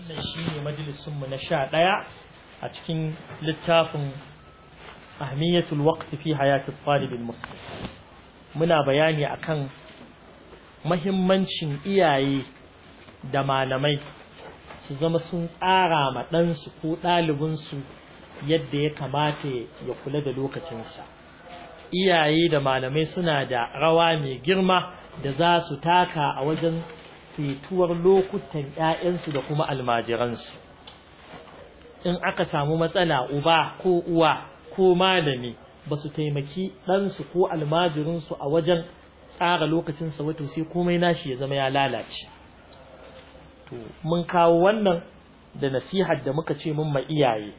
wannan shine majalisun mu na sha ɗaya a cikin littafin ahmiyatul waqti fi hayatul talib muslim muna bayani akan mahimmancin iyaye da malamai su zama sun tsara ma ɗansu ko ɗalibinsu yadda ya kamata ya kula da lokacinsa iyaye da malamai suna da rawa mai girma da za su taka a wajen Fituwar lokutan ‘ya'yansu da kuma almajiransu in aka samu matsala uba ko uwa ko malami ba su taimaki ɗansu ko almajirinsu a wajen tsara lokacinsa wato sai komai nashi ya zama ya lalace to mun kawo wannan da nasihar da muka ce mun ma iyaye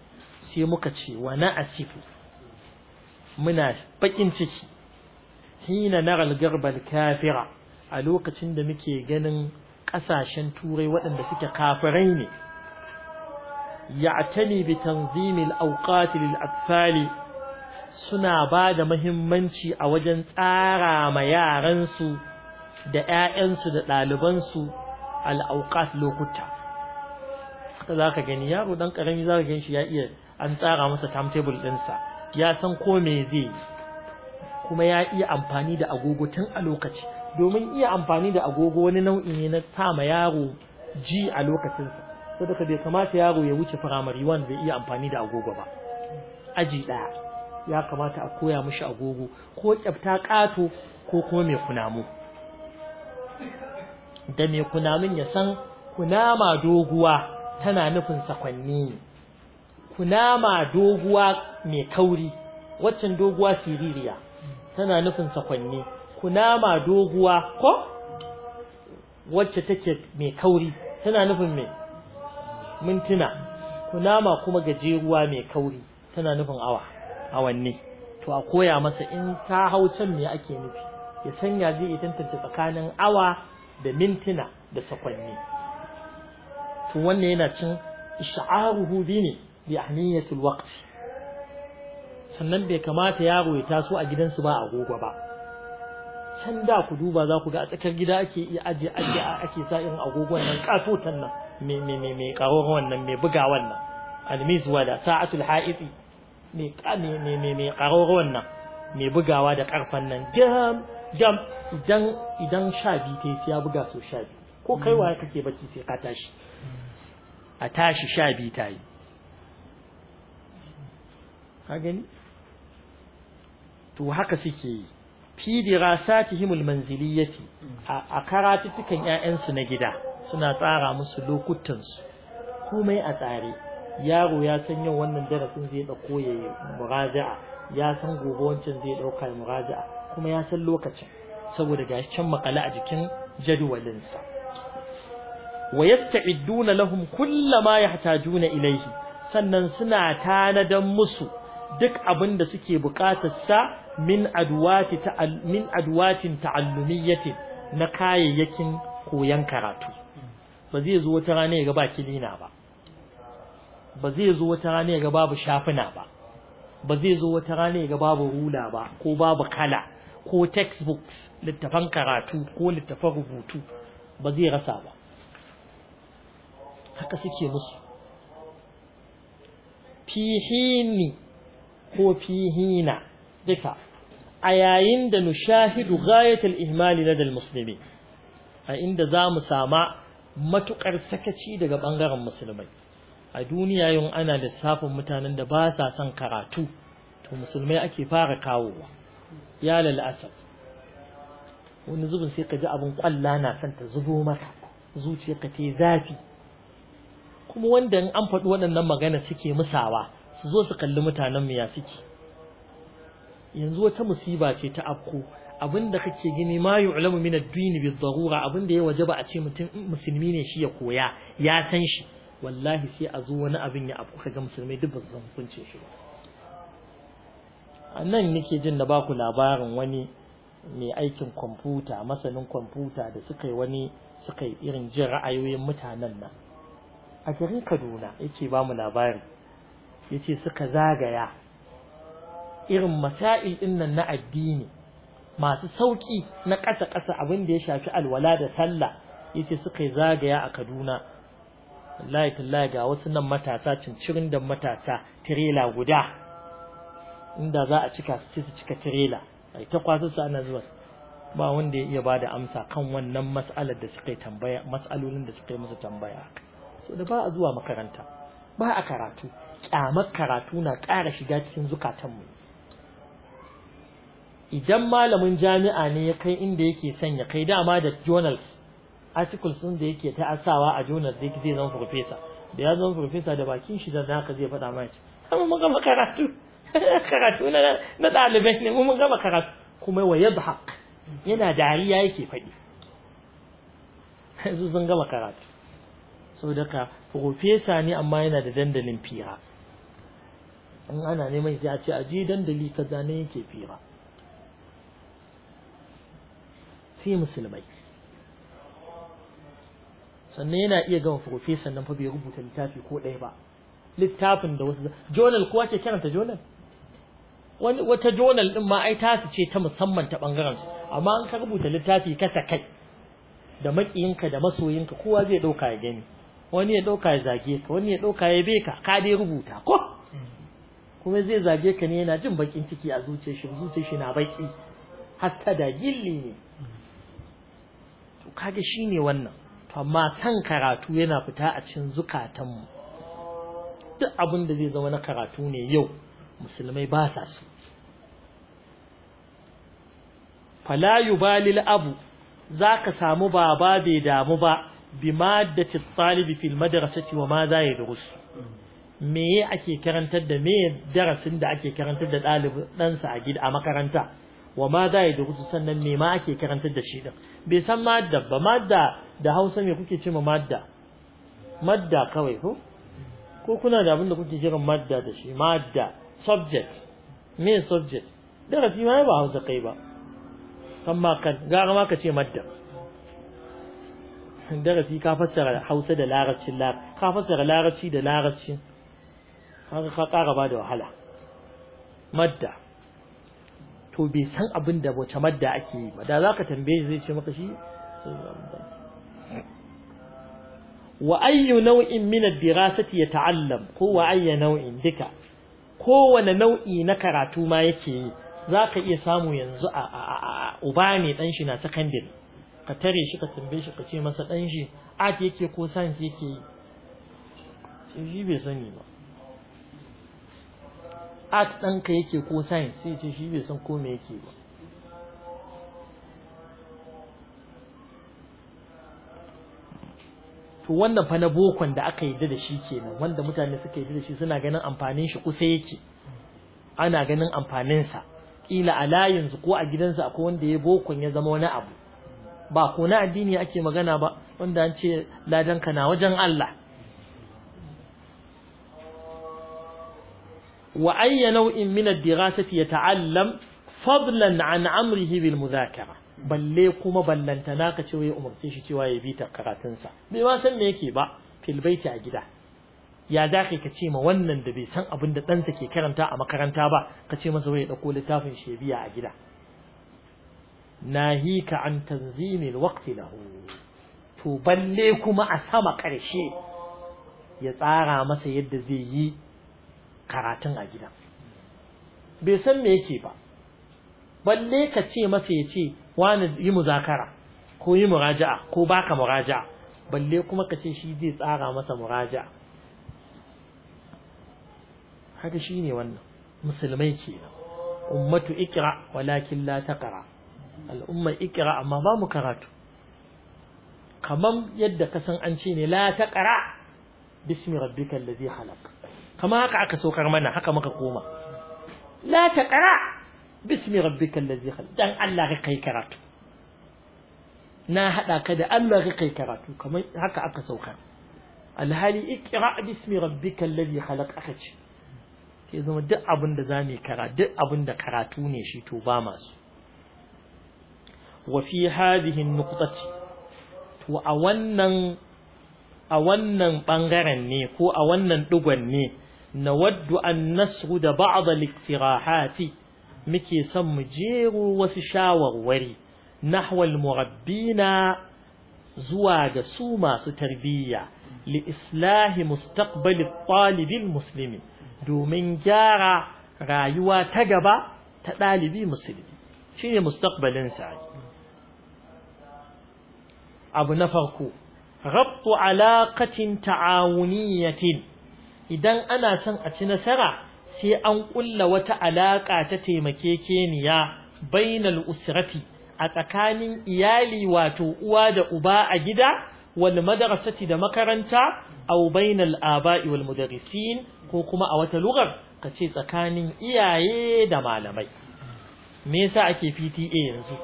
sai muka ce wa na asifu muna bakin ciki hina na al kafira a lokacin da muke ganin ƙasashen turai waɗanda suke kafirai ne ya'tani bi tanzimil awqat lil atfali suna ba da muhimmanci a wajen tsara ma yaransu da 'ya'yansu da ɗalibansu al'auƙat lokuta haka za ka gani yaro dan ƙarami za ka gan shi ya iya an tsara masa timetable ɗinsa ya san ko me zai kuma ya iya amfani da agogo tun a lokaci domin iya amfani da agogo wani nau'in ne na sa ma yaro ji a lokacinsa saboda bai kamata yaro ya wuce firamare wan bai iya amfani da agogo ba aji ɗaya ya kamata a koya mishi agogo ko kyafta ƙato ko kuma mai kunamu da mai kunamun ya san kunama doguwa tana nufin sakwanni kunama doguwa mai kauri waccan doguwa siririya tana nufin sakwanni kunama doguwa ko wacce take mai kauri tana nufin mai mintuna kunama kuma gajeruwa mai kauri tana nufin awa awanni to a koya masa in ta hau can me ake nufi ya sanya zai iya tantance tsakanin awa da mintuna da sakwanni to wannan yana cin isha'aruhu bi ne bi ahniyatul waqt sannan bai kamata yaro ya taso a gidansu ba agogo ba can da ku duba za ku ga a tsakar gida ake iya aje aje ake sa irin agogon nan katotan nan me me me me karoron wannan me buga wannan almizwa da sa'atul ha'iti me me me me karoron nan me bugawa da karfan nan jam jam idan idan sha biyu ta sai ya buga so sha biyu ko kai waye kake bacci sai ka tashi a tashi sha biyu yi. ka gani to haka suke yi fi dirasatihim almanziliyyati a karatuttukan ƴaƴansu na gida suna tsara musu lokutan su komai a tsare yaro ya san yau wannan darasin zai dauko ya muraja'a ya san gobe wancan zai dauka ya muraja'a kuma ya san lokacin saboda ga can makala a jikin jadwalinsa wa yasta'iduna lahum kullama yahtajuna ilayhi sannan suna tanadan musu duk abin da suke buƙatar sa min adwati min adwatin ta'allumiyyatin na kayayyakin koyon karatu ba zai zo wata rana ya ga ba kilina ba ba zai zo wata rana ya ga babu shafuna ba ba zai zo wata rana ya ga babu rula ba ko babu kala ko textbooks littafan karatu ko littafan rubutu ba zai rasa ba haka suke musu fihini ko fihina duka a yayin da nushahidu ghayatul ihmali ladal muslimi a inda zamu sama matukar sakaci daga bangaren musulmai a duniya yin ana lissafin mutanen da ba sa son karatu to musulmai ake fara kawowa ya lalasaf wani zubin sai ka ji abin kwalla na son ta zubo maka zuciyarka ta zafi kuma wanda in an faɗi waɗannan magana suke musawa su zo su kalli mutanen mu ya suke yanzu wata musiba ce ta afko da kake gini ma yu'lamu min ad-din bi darura abinda ya wajaba a ce mutum musulmi ne shi ya koya ya san shi wallahi sai a zo wani abin ya afko kaga musulmai duk ba su san hukuncin shi ba nan nake jin da baku labarin wani mai aikin kwamfuta masanin kwamfuta da suka yi wani suka yi irin jin ra'ayoyin mutanen nan a garin Kaduna yake ba mu labari yace suka zagaya irin masail din nan na addini masu sauki na ƙasa ƙasa abin da ya shafi alwala da sallah yace suka zagaya a Kaduna wallahi tallahi ga wasu nan matasa cincirin da matasa tirela guda inda za a cika su su cika tirela ai ta kwaso su ana zuwa ba wanda ya iya bada amsa kan wannan mas'alar da suka tambaya mas'alolin da suka yi musu tambaya so da ba a zuwa makaranta ba a karatu kyamar karatu na ƙara shiga cikin zukatanmu idan malamin jami'a ne ya kai inda yake son ya kai dama da journals articles din da yake ta asawa a journal da zai zama professor da ya zama professor da bakin shi da naka zai faɗa mai kuma mun gama karatu karatu na na dalibai ne mun gama karatu kuma wa yadhaq yana dariya yake faɗi yanzu sun gama karatu so daga professor ne amma yana da dandalin fira in ana neman shi a ce a je dandali kaza ne yake fira sai musulmai sannan yana iya gama profesa nan fa bai rubuta littafi ko ɗaya ba littafin da wasu Jonal kuwa ke kiranta jonal? wani wata jonal din ma ai tasu ce ta musamman ta bangaren su amma an ka rubuta littafi ka kai da makiyinka da masoyinka kowa zai dauka ya gani wani ya dauka ya zage ka wani ya dauka ya be ka ka dai rubuta ko kuma zai zage ka ne yana jin bakin ciki a zuciyar shi zuciyar shi na baki hatta da gilli ne kaga ne wannan to amma san karatu yana fita a cikin zukatanmu. mu duk abin da zai zama na karatu ne yau musulmai ba sa so fala yubalil abu zaka samu baba bai damu ba bi maddati talibi fil madrasati wa ma za ya durusu me ake karantar da me darasin da ake karantar da ɗalibin ɗansa a gida a makaranta wa ma yi ya kusa sannan me ma ake karantar da shi din bai san madda ba madda da Hausa me kuke cewa madda madda kawai ko ko kuna da abin da kuke kiran madda da shi madda subject me subject darasi ma ba Hausa kai ba amma kan ga ma ka ce madda darasi ka fassara Hausa da larabcin ka fassara larabci da larabci har ka kara ba da wahala madda to bai san abin da wace madda ake yi ba da za ka tambaye zai ce maka shi wa ayyu nau'in min ad-dirasati yata'allam ko wa ayyu nau'in duka kowane nau'i na karatu ma yake yi zaka iya samu yanzu a uba ne dan shi na secondary ka tare shi ka tambaye shi ka ce masa dan shi a yake ko science yake yi shi bai sani ba art ɗanka yake ko science sai ce shi bai san ko me yake ba to wannan fa na bokon da aka yadda da shi kenan wanda mutane suka yadda da shi suna ganin amfanin shi kusa yake ana ganin amfanin sa. kila a layinsu ko a gidansa akwai wanda ya bokon ya zama wani abu ba ko na addini ake magana ba wanda an ce ladanka na wajen Allah wa ayya nau'in min ad-dirasati yata'allam fadlan an amrihi bil mudhakara balle kuma ballanta naka ce ya umarce shi cewa ya bi ta karatunsa bai ma san me yake ba fil baiti a gida ya da ka ce ma wannan da bai san abin da ɗansa ke karanta a makaranta ba ka ce masa wai ya ɗauko littafin shebiya a gida nahika an tanzimin waqti lahu to balle kuma a sama ƙarshe ya tsara masa yadda zai yi karatun a gida bai san me yake ba balle ka ce masa ya ce wani yi muzakara ko yi muraja'a ko baka muraja'a balle kuma ka ce shi zai tsara masa muraja'a haka shi ne wannan musulmai kenan ummatu ikira walakin la taqra al'umma ikira amma ba mu karatu kamar yadda ka san an ce ne la taqra bismi kalla zai halaka kama haka aka saukar mana haka muka koma la taqra bismi rabbikal ladzi khalaq dan Allah ka kai karatu na hada ka da Allah ka kai karatu kamar haka aka saukar alhali iqra bismi rabbikal ladzi khalaq aka ce sai zama duk abin da zamu karatu duk abin da karatu ne shi to ba masu wa fi hadhihi nuqtati to a wannan a wannan bangaren ne ko a wannan digon ne nawaddu an nashuda da al-iqtirahati muke son mu jero wasu shawarwari nahwal murabbina zuwa ga su masu tarbiyya li islahi mustaqbali ɗalibin muslimi domin gyara rayuwa ta gaba ta ɗalibi musulmi shine mustaqbalin sa abu na farko rabtu alaqatin ta'awuniyatin idan ana son a ci nasara sai an kulla wata alaƙa ta taimakekeniya bainal usrati a tsakanin iyali wato uwa da uba a gida wal madrasati da makaranta aw bainal aba'i wal mudarrisin ko kuma a wata lugar kace tsakanin iyaye da malamai me yasa ake PTA yanzu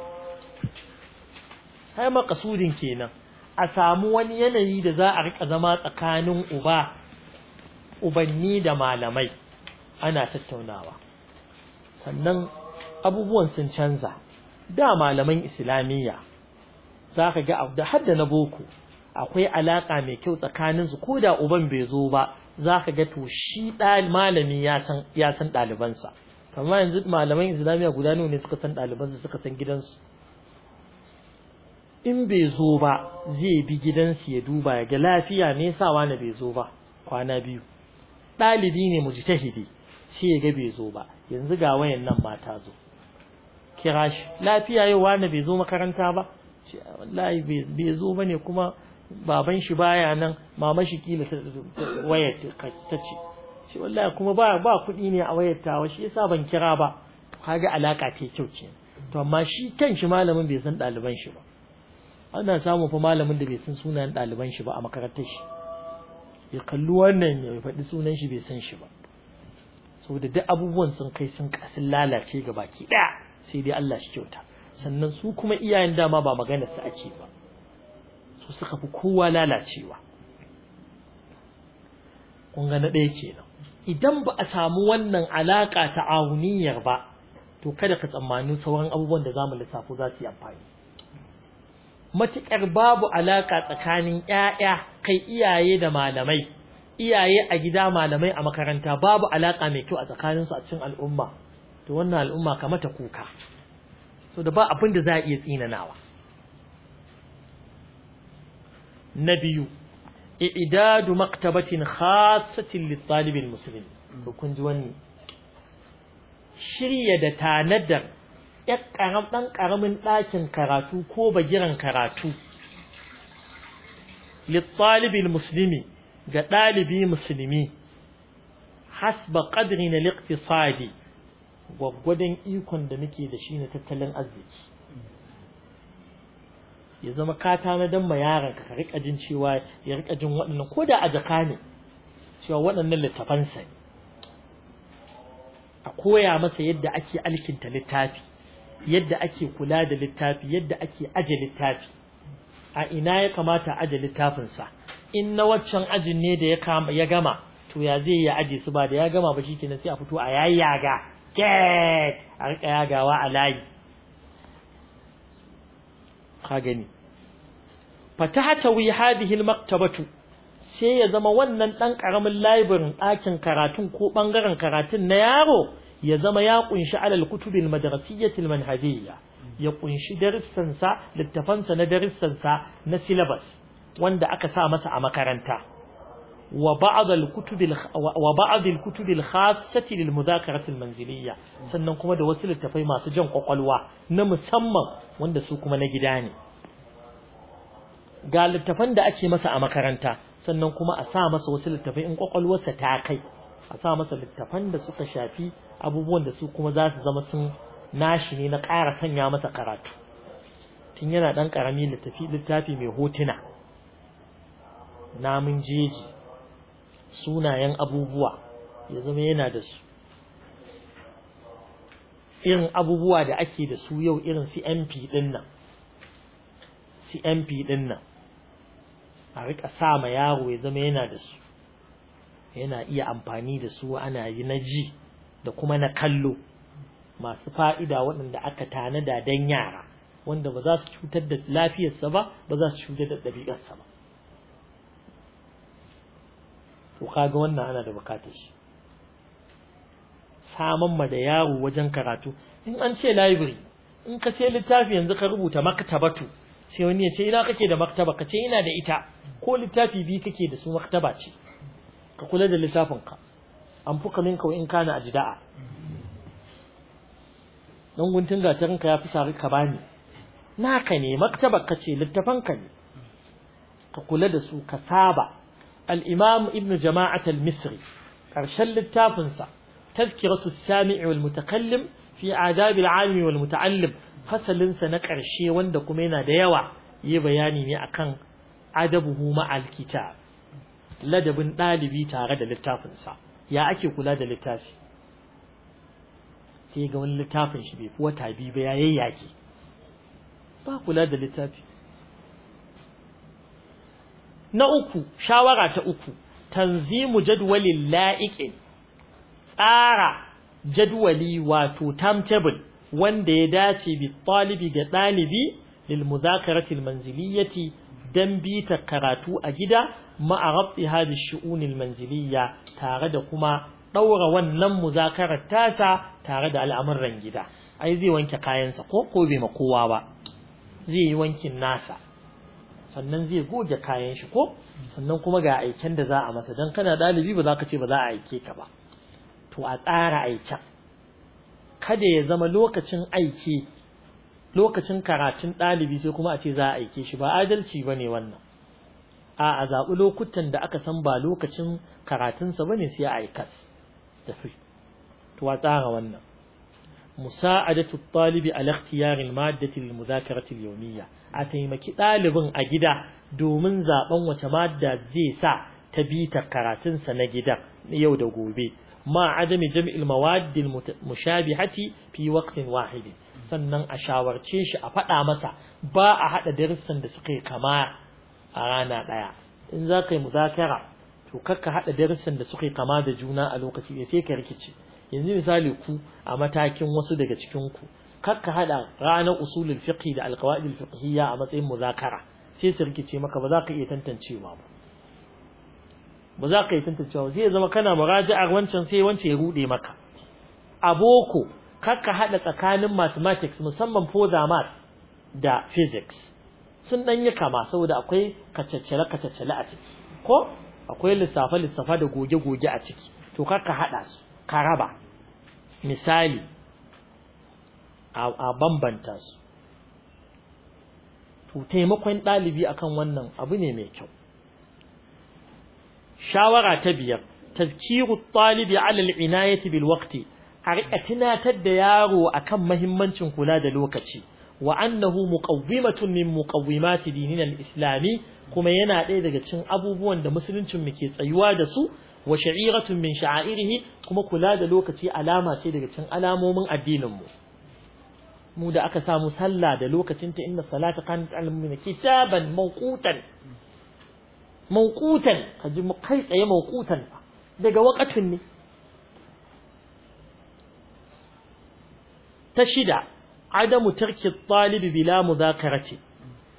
sai makasudin kenan a samu wani yanayi da za a rika zama tsakanin uba ubanni da malamai ana tattaunawa sannan abubuwan sun canza da malaman islamiyya za ka ga da hadda na boko akwai alaƙa mai kyau tsakaninsu ko da uban bai zo ba za ka ga to shi malami ya san ɗalibansa kamar yanzu malaman islamiyya guda nawa ne suka san ɗalibansa suka san gidansu in bai zo ba zai bi gidansu ya duba ya ga lafiya me sawa na bai zo ba kwana biyu ɗalibi ne mujtahidi sai ya ga bai zo ba yanzu ga wayan nan ba ta zo kira shi lafiya yau wani bai zo makaranta ba wallahi bai zo bane kuma baban shi baya nan mama shi kila wayar ta ce ce wallahi kuma ba ba kuɗi ne a wayar tawa shi yasa ban kira ba kaga alaka ta kyau ce to amma shi kan shi malamin bai san ɗaliban shi ba ana samun fa malamin da bai san sunayen ɗaliban shi ba a makarantar shi ya kalli wannan ya faɗi sunan shi bai san shi ba saboda duk abubuwan sun kai sun kasin lalace ga baki ɗaya sai dai Allah shi kyauta sannan su kuma iyayen dama ba maganar su ake ba su suka fi kowa lalacewa kun na ɗaya kenan idan ba a samu wannan alaƙa ta auniyar ba to kada ka tsammani sauran abubuwan da za mu lissafo za su yi amfani matuƙar babu alaƙa tsakanin ‘ya'ya kai iyaye da malamai, iyaye a gida malamai a makaranta babu alaƙa mai kyau a tsakaninsu a cikin al'umma, to wannan al'umma ka mata kuka, so da ba abin da za a iya tsinanawa. Na biyu, i'idadu maktabatin khasatin littalibin musulmi, kun wani, shirya da tanadar ɗan ƙaramin ɗakin karatu ko bagiran karatu littalibin musulmi ga ɗalibi musulmi hasba ƙadri na liktisadi gwaggwadon ikon da muke da shi na tattalin arziki ya zama ka na ma yaron ka riƙa jin cewa ya riƙa jin waɗannan ko da a jaka ne cewa waɗannan littafansa a koya masa yadda ake alkinta littafi yadda ake kula da littafi yadda ake aje littafi a ina ya kamata aje littafinsa in na waccan ajin ne da ya gama to ya zai ya aje su ba da ya gama ba shikenan sai a fito a yayyaga get a rika yagawa a layi ka gani wi hadhihi almaktabatu sai ya zama wannan dan karamin library ɗakin karatun ko bangaren karatun na yaro ya zama ya kunshi alal kutubil madrasiyyatil manhajiyya ya kunshi darussan sa littafan sa na darussan sa na syllabus wanda aka sa masa a makaranta wa ba'd al kutubil wa ba'd al kutubil khassati lil al manziliyya sannan kuma da wasu littafai masu jan kwakwalwa na musamman wanda su kuma na gida ne ga littafan da ake masa a makaranta sannan kuma a sa masa wasu littafai in kwakwalwarsa ta kai a sa masa littafan da suka shafi abubuwan da su kuma za su zama sun nashi ne na ƙara sanya masa karatu tun yana ɗan ƙarami littafi littafi mai hotuna namun jeji sunayen abubuwa ya zama yana da su irin abubuwa da ake da su yau irin CMP ɗin nan CMP ɗin nan a rika sa ma yaro ya zama yana da su yana iya amfani da su ana yi na ji da kuma na kallo masu fa'ida waɗanda aka tana da don yara wanda ba za su cutar da lafiyarsa ba ba za su cutar da ɗabi'arsa ba to kaga wannan ana da bukatar shi saman ma da yaro wajen karatu in an ce library in ka ce littafi yanzu ka rubuta maktabatu sai wani ya ce ina kake da maktaba ka ce ina da ita ko littafi biyu kake da su maktaba ce ka kula da lissafin ka an fuka kawai in kana ajda'a dan guntun gatarinka ka fi sari ka bani naka ne maktaba ka ce littafan ka ne ka kula da su ka saba al-imam ibn jama'at al-misri karshen littafinsa sa tazkiratu as wal mutakallim fi adab al wal muta'allim fasalinsa na ƙarshe wanda kuma yana da yawa yi bayani ne akan adabuhu ma'al kitab ladabin ɗalibi tare da littafinsa ya ake kula da littafi sai ga wani littafin shi bai fi wata biyu ba ya yayyake ba kula da littafi na uku shawara ta uku tanzimu jadwalin la'iqin tsara jadwali wato timetable wanda ya dace bi talibi ga ɗalibi lil muzakaratil manziliyati dan bita karatu a gida Ma'arabti rabti shi'unin manziliya tare da kuma ɗaura wannan muzakarar tasa tare da al'amuran gida ai zai wanke kayansa ko ko bai ma kowa ba zai yi wankin nasa sannan zai goge kayan shi ko sannan kuma ga aiken da za a masa dan kana dalibi ba za ka ce ba za a aike ka ba to a tsara aiken kada ya zama lokacin aiki lokacin karatun ɗalibi sai kuma a ce za a aike shi ba adalci ba ne wannan a a zaɓi lokutan da aka san ba lokacin karatunsa ba ne sai a aikas tafi tuwa tsara wannan musa'adatu talibi ala ikhtiyaril maddati lil yawmiyya a taimaki ɗalibin a gida domin zaben wace madda zai sa ta bi ta karatunsa na gida yau da gobe ma adami jam'il mawad al mushabihati fi waqtin wahid sannan a shawarce shi a faɗa masa ba a haɗa darussan da suka yi kama a rana ɗaya in za ka yi muzakara to kakka haɗa darussan da suka kama da juna a lokaci ya sai ka rikice yanzu misali ku a matakin wasu daga cikin ku kakka haɗa ranar usulul fiqh da alqawaidul fiqhiyya a matsayin muzakara sai su rikice maka ba za ka iya tantancewa ba ba za ka iya tantancewa zai zama kana muraja'ar wancan sai wancan ya rude maka a boko ka haɗa tsakanin mathematics musamman poza da math da physics sun dan yi kama saboda akwai kacaccele kacaccele a ciki ko akwai lissafa lissafa da goge goge a ciki to ka hada su ka raba misali a bambanta su to taimakon ɗalibi akan wannan abu ne mai kyau shawara ta biyar tazkiru talibi ala al'inayati bil waqti a tunatar da yaro akan mahimmancin kula da lokaci wa annahu muqawwimatun min muqawwimati dinina al-islami kuma yana ɗaya daga cikin abubuwan da musuluncin mu ke tsayuwa da su wa sha'iratun min sha'airihi kuma kula da lokaci alama ce daga cikin alamomin addinin mu mu da aka samu sallah da lokacin ta inna salata kanat al kitaban mawqutan mawqutan kaji mu kai tsaye mawqutan daga waqatun ne ta shida adamu tarki talibi bila muzakara ce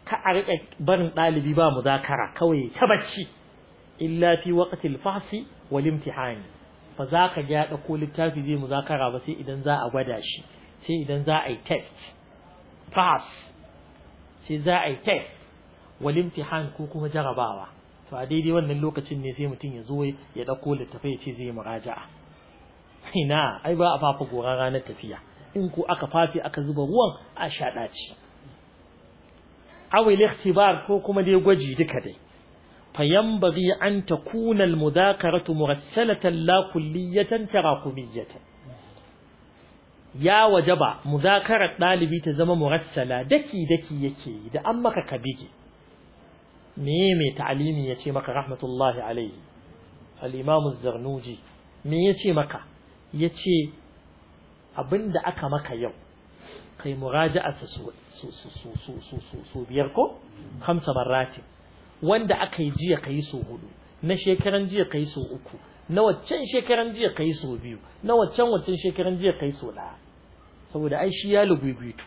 ka a riƙa barin ɗalibi ba muzakara kawai ta bacci illa fi waqtil fahsi wal imtihani fa za ka ga ko littafi zai muzakara ba sai idan za a gwada shi sai idan za a yi test pass sai za a yi test wal imtihan ko kuma jarabawa to a daidai wannan lokacin ne sai mutum ya zo ya ɗauko littafai ya ce zai muraja'a ina ai ba a fafa goran ranar tafiya in ku aka fafi aka zuba ruwan a shada ci awai lihtibar ko kuma dai gwaji duka dai fayambaghi an takuna almudhakaratu mursalatan la kulliyatan taraqumiyatan ya wajaba mudhakarat dalibi ta zama mursala daki daki yake da an maka kabige me me ta'alimi yace maka rahmatullahi alayhi al zarnuji me yace maka yace abin da aka maka yau kai muraja'a su su su su su su su su biyar ko hamsa marratin wanda aka yi jiya kai so hudu na shekaran jiya kai so uku na waccan shekaran jiya kai so biyu na waccan waccan shekaran jiya kai so ɗaya saboda ai shi ya lububitu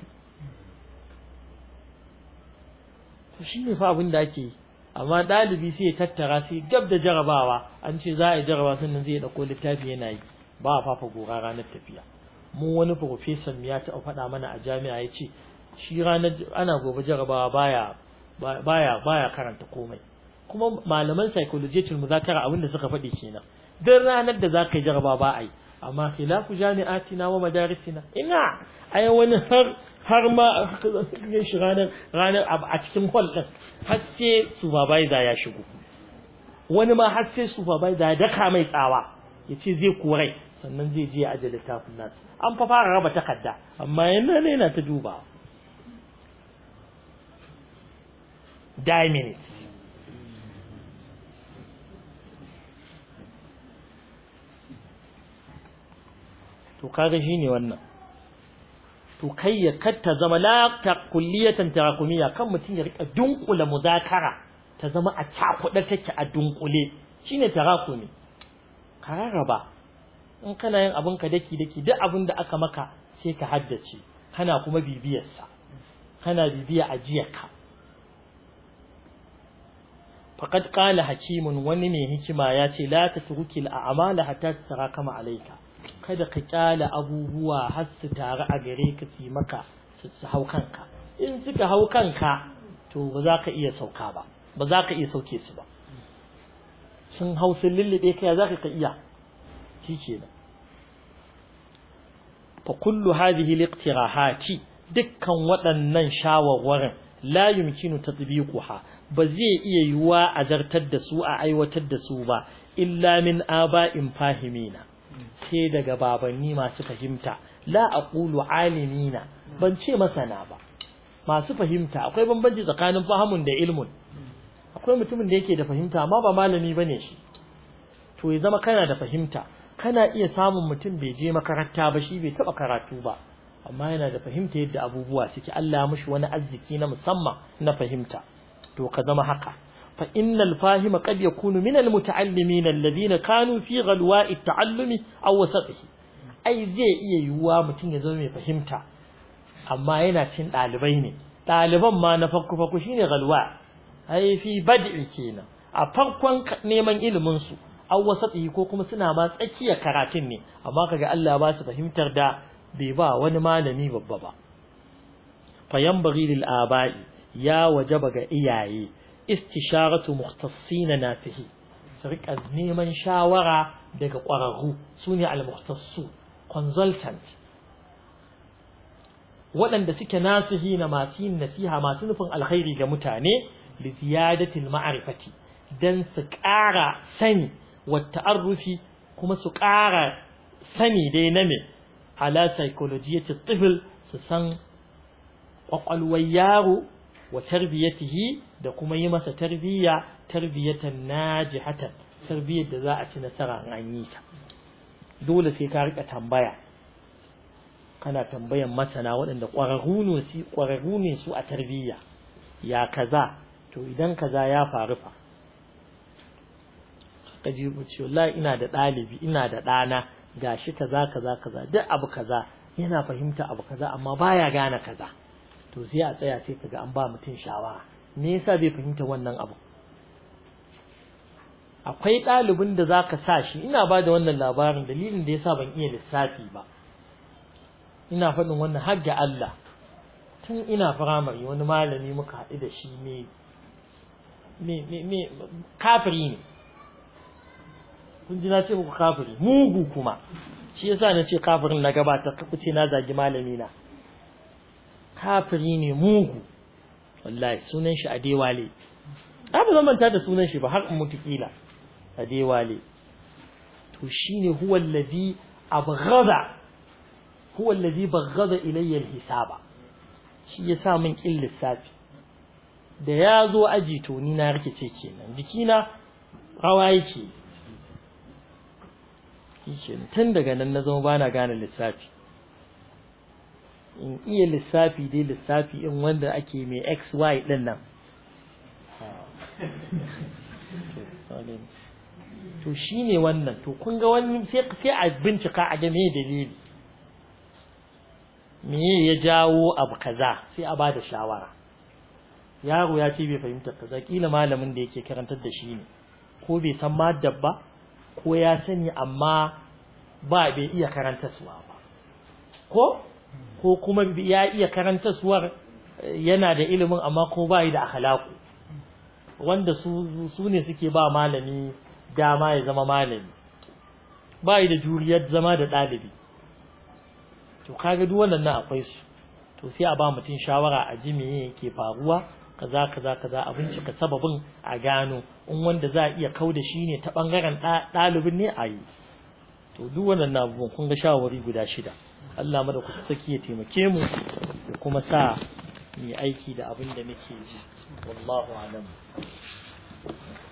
to shi ne fa abin da ake yi amma ɗalibi sai ya tattara sai gab da jarabawa an ce za a yi jarabawa sannan zai ɗauko littafi yana yi ba a fafa gora ranar tafiya mu wani profesan ya taɓa faɗa mana a jami'a ya ce shi ranar ana gobe jarabawa baya baya karanta komai kuma malaman psychological muzakara abinda suka faɗi kenan duk ranar da za ka yi jarabawa ba a yi amma khilafu tina wa madarisina ina ai wani har har ma shi ranar a cikin hall din har sai supervisor ya shigo wani ma har sai supervisor ya daka mai tsawa ya ce zai korai sannan zai je aje littafin nan. an fa fara raba takarda amma yana ne yana ta duba die minutes to kaga shine wannan to kai ya katta zama la ta kulliyatan tarakumiya kan mutum ya rika dunkula muzakara ta zama a cakuɗa take a dunkule shine tarakumi ka in kana yin abin ka daki daki duk abin da aka maka sai ka haddace kana kuma bibiyarsa kana bibiya ajiyarka faqad qala hakimun wani ne hikima ya ce la tatruki a'mala hatta tsara kama alaika kada ka kyala abubuwa har su taru a gare ka su maka su hau kanka in suka hau kanka to ba za ka iya sauka ba ba za ka iya sauke su ba sun hau sun lullube ka za ka iya shi fa kullu hadhihi liqtirahati dukkan waɗannan shawarwarin la yumkinu tatbiquha ba zai iya yiwuwa a zartar da su a aiwatar da su ba illa min aba'in fahimina sai daga babanni masu fahimta la aqulu alimina ban ce masana ba masu fahimta akwai bambanci tsakanin fahamun da ilmun akwai mutumin da yake da fahimta amma ba malami bane shi to ya zama kana da fahimta kana iya samun mutum bai je makaranta ba shi bai taba karatu ba amma yana da fahimta yadda abubuwa suke Allah mushi wani arziki na musamman na fahimta to ka zama haka fa innal fahima qad yakunu min al muta'allimin alladhina kanu fi ghalwa'i at-ta'allumi aw wasatihi ai zai iya yiwuwa mutum ya zama mai fahimta amma yana cin dalibai ne daliban ma na farko farko shine ghalwa ai fi bad'i kenan a farkon neman ilimin su aw wasatihi ko kuma suna ma tsakiyar karatun ne amma kaga Allah ba su fahimtar da bai ba wani malami babba ba fa yanbaghi lil aba'i ya wajaba ga iyaye istisharatu mukhtassin nasihi su neman shawara daga ƙwararru sune al-mukhtassu consultant waɗanda suke nasihi na masu yin nasiha masu nufin alkhairi ga mutane li ziyadatil ma'rifati dan su ƙara sani wata'arrufi kuma su ƙara sani dai na me ala psychologiyatul tifl su san kwakwalwar yaro wa tarbiyatihi da kuma yi masa tarbiyya tarbiyatan najihatan tarbiyyar da za a ci nasara an yi ta dole sai ka riƙa tambaya kana tambayan masana waɗanda ƙwararru ne su a tarbiyya ya kaza to idan kaza ya faru fa ka ji mu ce wallahi ina da ɗalibi ina da ɗana gashi kaza kaza kaza duk abu kaza yana fahimta abu kaza amma baya gane kaza to sai a tsaya sai kaga an ba mutum shawara me yasa bai fahimta wannan abu akwai ɗalibin da zaka sa shi ina ba da wannan labarin dalilin da yasa ban iya lissafi ba ina faɗin wannan har ga Allah tun ina firamare wani malami muka haɗu da shi ne kafiri ne kun ji na ce muku kafiri mugu kuma shi yasa na ce kafirin na gabata ka ce na zagi malami na kafiri ne mugu wallahi sunan shi adewale ba zan manta da sunan shi ba har in mutu kila adewale to shine huwa allazi abghada huwa allazi baghada ilayya alhisaba shi yasa min kin lissafi da ya zo aji to ni na rikice kenan jikina rawa yake shikenan tun daga nan na zama ba na gane lissafi in iya lissafi dai lissafi in wanda ake mai xy din nan to shi ne wannan to kun ga wani sai a bincika a game dalili me ya jawo abu kaza sai a bada shawara yaro ya ce bai fahimtar kaza kila malamin da yake karantar da shi ne ko bai san madar ba ko ya sani amma ba bai iya karanta suwa ba ko ko kuma ya iya karanta suwar eh, yana da ilimin amma ko bai da akhlaqu wanda su su ne suke ba malami dama ya zama malami bai da juriyar zama da ɗalibi to kaga duk wannan akwai su to sai a ba mutum shawara a ji me yake faruwa kaza kaza kaza a bincika sababin a gano in wanda za a iya kau da shi ne ta bangaren ɗalibin ne a yi to duk wannan abubuwan kun ga shawari guda shida Allah ku saki ya taimake mu da kuma sa mu aiki da abin da muke ji wallahu alam